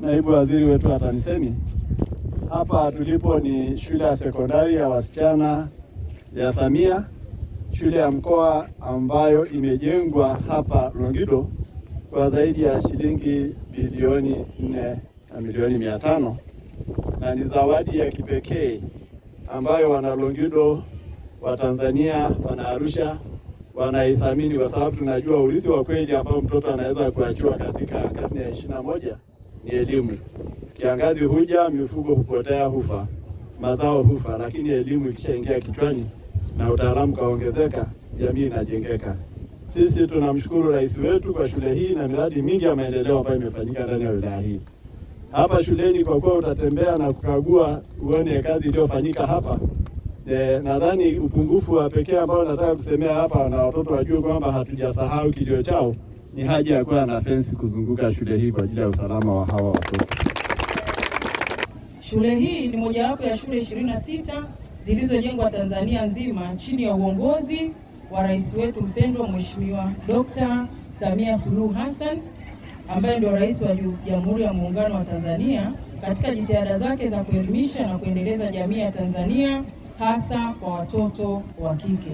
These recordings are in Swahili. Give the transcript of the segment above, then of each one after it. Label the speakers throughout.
Speaker 1: naibu waziri wetu atanisemi. Hapa tulipo ni shule ya sekondari ya wasichana ya Samia, shule ya mkoa ambayo imejengwa hapa Longido kwa zaidi ya shilingi bilioni nne na milioni mia tano na ni zawadi ya kipekee ambayo wana Longido wa Tanzania wana Arusha wanaithamini kwa sababu tunajua urithi wa kweli ambao mtoto anaweza kuachiwa katika karne ya ishirini na moja ni elimu. Kiangazi huja, mifugo hupotea, hufa, mazao hufa, lakini elimu ikishaingia kichwani na utaalamu kaongezeka, jamii inajengeka. Sisi tunamshukuru rais wetu kwa shule hii na miradi mingi ya maendeleo ambayo imefanyika ndani ya wilaya hii. Hapa shuleni kwa kuwa utatembea na kukagua uone kazi iliyofanyika hapa. E, nadhani upungufu wa pekee ambao nataka kusemea hapa na watoto wajue kwamba hatujasahau kilio chao ni haja ya kuwa na fensi kuzunguka shule hii kwa ajili ya usalama wa hawa watoto.
Speaker 2: Shule hii ni mojawapo ya shule 26 zilizojengwa Tanzania nzima chini ya uongozi wa rais wetu mpendwa Mheshimiwa Dr. Samia Suluhu Hassan ambaye ndio rais wa Jamhuri ya Muungano wa Tanzania katika jitihada zake za kuelimisha na kuendeleza jamii ya Tanzania hasa kwa watoto wa kike.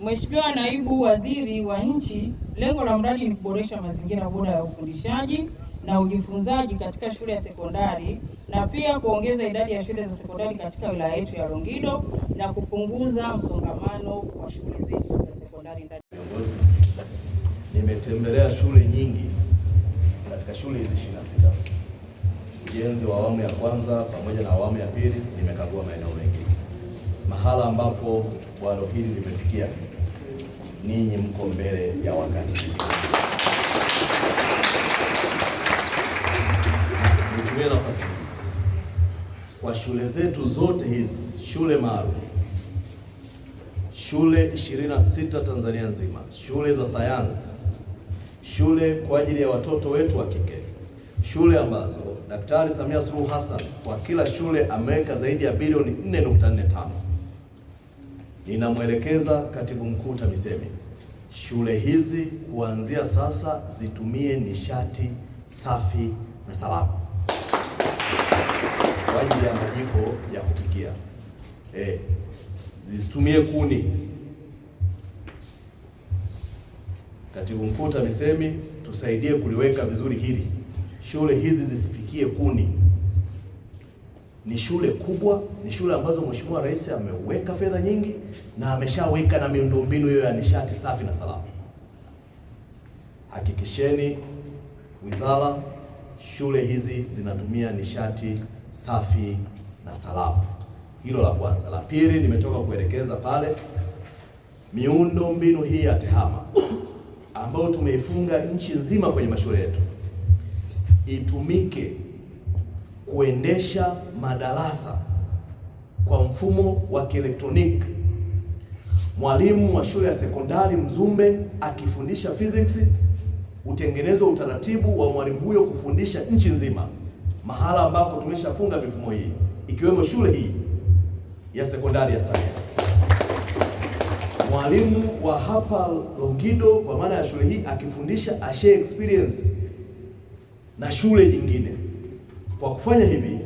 Speaker 2: Mheshimiwa Naibu Waziri wa Nchi, lengo la mradi ni kuboresha mazingira bora ya ufundishaji na ujifunzaji katika shule ya sekondari na pia kuongeza idadi ya shule za sekondari katika wilaya yetu ya Longido na kupunguza msongamano wa shule zetu za sekondari ndani.
Speaker 3: Nimetembelea shule nyingi katika shule hizi 26 ujenzi wa awamu ya kwanza pamoja na awamu ya pili, nimekagua maeneo mengi mahala ambapo bwalo hili limefikia, ninyi mko mbele ya wakati. Nitumie nafasi kwa shule zetu zote hizi, shule maalum, shule 26 Tanzania nzima, shule za sayansi, shule kwa ajili ya watoto wetu wa kike, shule ambazo Daktari Samia Suluhu Hassan kwa kila shule ameweka zaidi ya bilioni 4.45 ninamwelekeza katibu mkuu TAMISEMI, shule hizi kuanzia sasa zitumie nishati safi na salama kwa ajili ya majiko ya kupikia eh, zisitumie kuni. Katibu mkuu TAMISEMI, tusaidie kuliweka vizuri hili, shule hizi zisipikie kuni ni shule kubwa, ni shule ambazo Mheshimiwa Rais ameweka fedha nyingi na ameshaweka na miundombinu hiyo ya nishati safi na salama. Hakikisheni wizara, shule hizi zinatumia nishati safi na salama. Hilo la kwanza. La pili, nimetoka kuelekeza pale miundo mbinu hii ya TEHAMA ambayo tumeifunga nchi nzima kwenye mashule yetu itumike kuendesha madarasa kwa mfumo wa kielektroniki. Mwalimu wa shule ya sekondari Mzumbe akifundisha physics, utengenezwa utaratibu wa mwalimu huyo kufundisha nchi nzima, mahala ambako tumeshafunga mifumo hii ikiwemo shule hii ya sekondari ya Samia. Mwalimu wa hapa Longido kwa maana ya shule hii akifundisha ashare experience na shule nyingine kwa kufanya hivi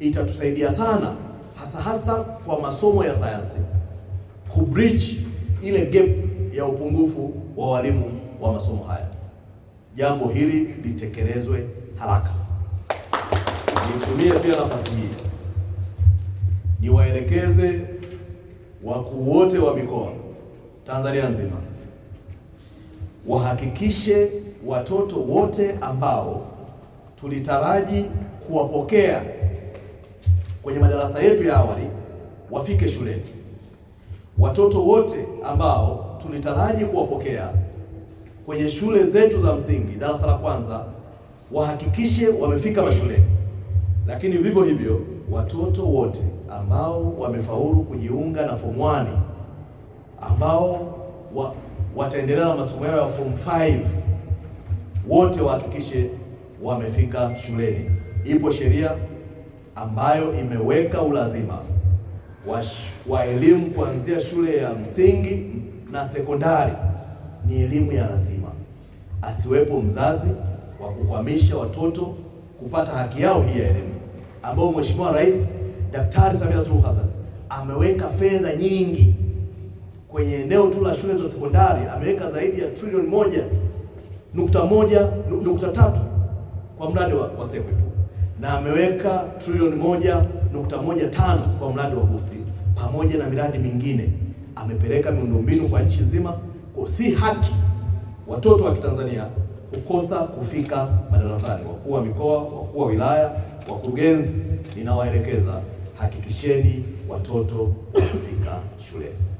Speaker 3: itatusaidia sana hasa hasa kwa masomo ya sayansi kubridge ile gap ya upungufu wa walimu wa masomo haya. Jambo hili litekelezwe haraka. Nitumie pia nafasi hii niwaelekeze wakuu wote wa mikoa Tanzania nzima wahakikishe watoto wote ambao tulitaraji kuwapokea kwenye madarasa yetu ya awali wafike shuleni watoto wote ambao tulitaraji kuwapokea kwenye shule zetu za msingi darasa la kwanza wahakikishe wamefika mashuleni, lakini vivyo hivyo watoto wote ambao wamefaulu kujiunga na form 1 ambao wa, wataendelea na masomo yao ya form 5 wote wahakikishe wamefika shuleni. Ipo sheria ambayo imeweka ulazima wa, wa elimu kuanzia shule ya msingi na sekondari ni elimu ya lazima. Asiwepo mzazi wa kukwamisha watoto kupata haki yao hii ya elimu, ambayo Mheshimiwa Rais Daktari Samia Suluhu Hassan ameweka fedha nyingi kwenye eneo tu la shule za sekondari, ameweka zaidi ya trilioni moja nukta moja nukta tatu kwa mradi wa, wa SEQUIP na ameweka trilioni moja nukta moja tano kwa mradi wa BOOST pamoja na miradi mingine. Amepeleka miundombinu kwa nchi nzima, kwa si haki watoto wa Kitanzania kukosa kufika madarasani. Wakuu wa mikoa, wakuu wa wilaya, wakurugenzi, ninawaelekeza hakikisheni watoto wanafika shule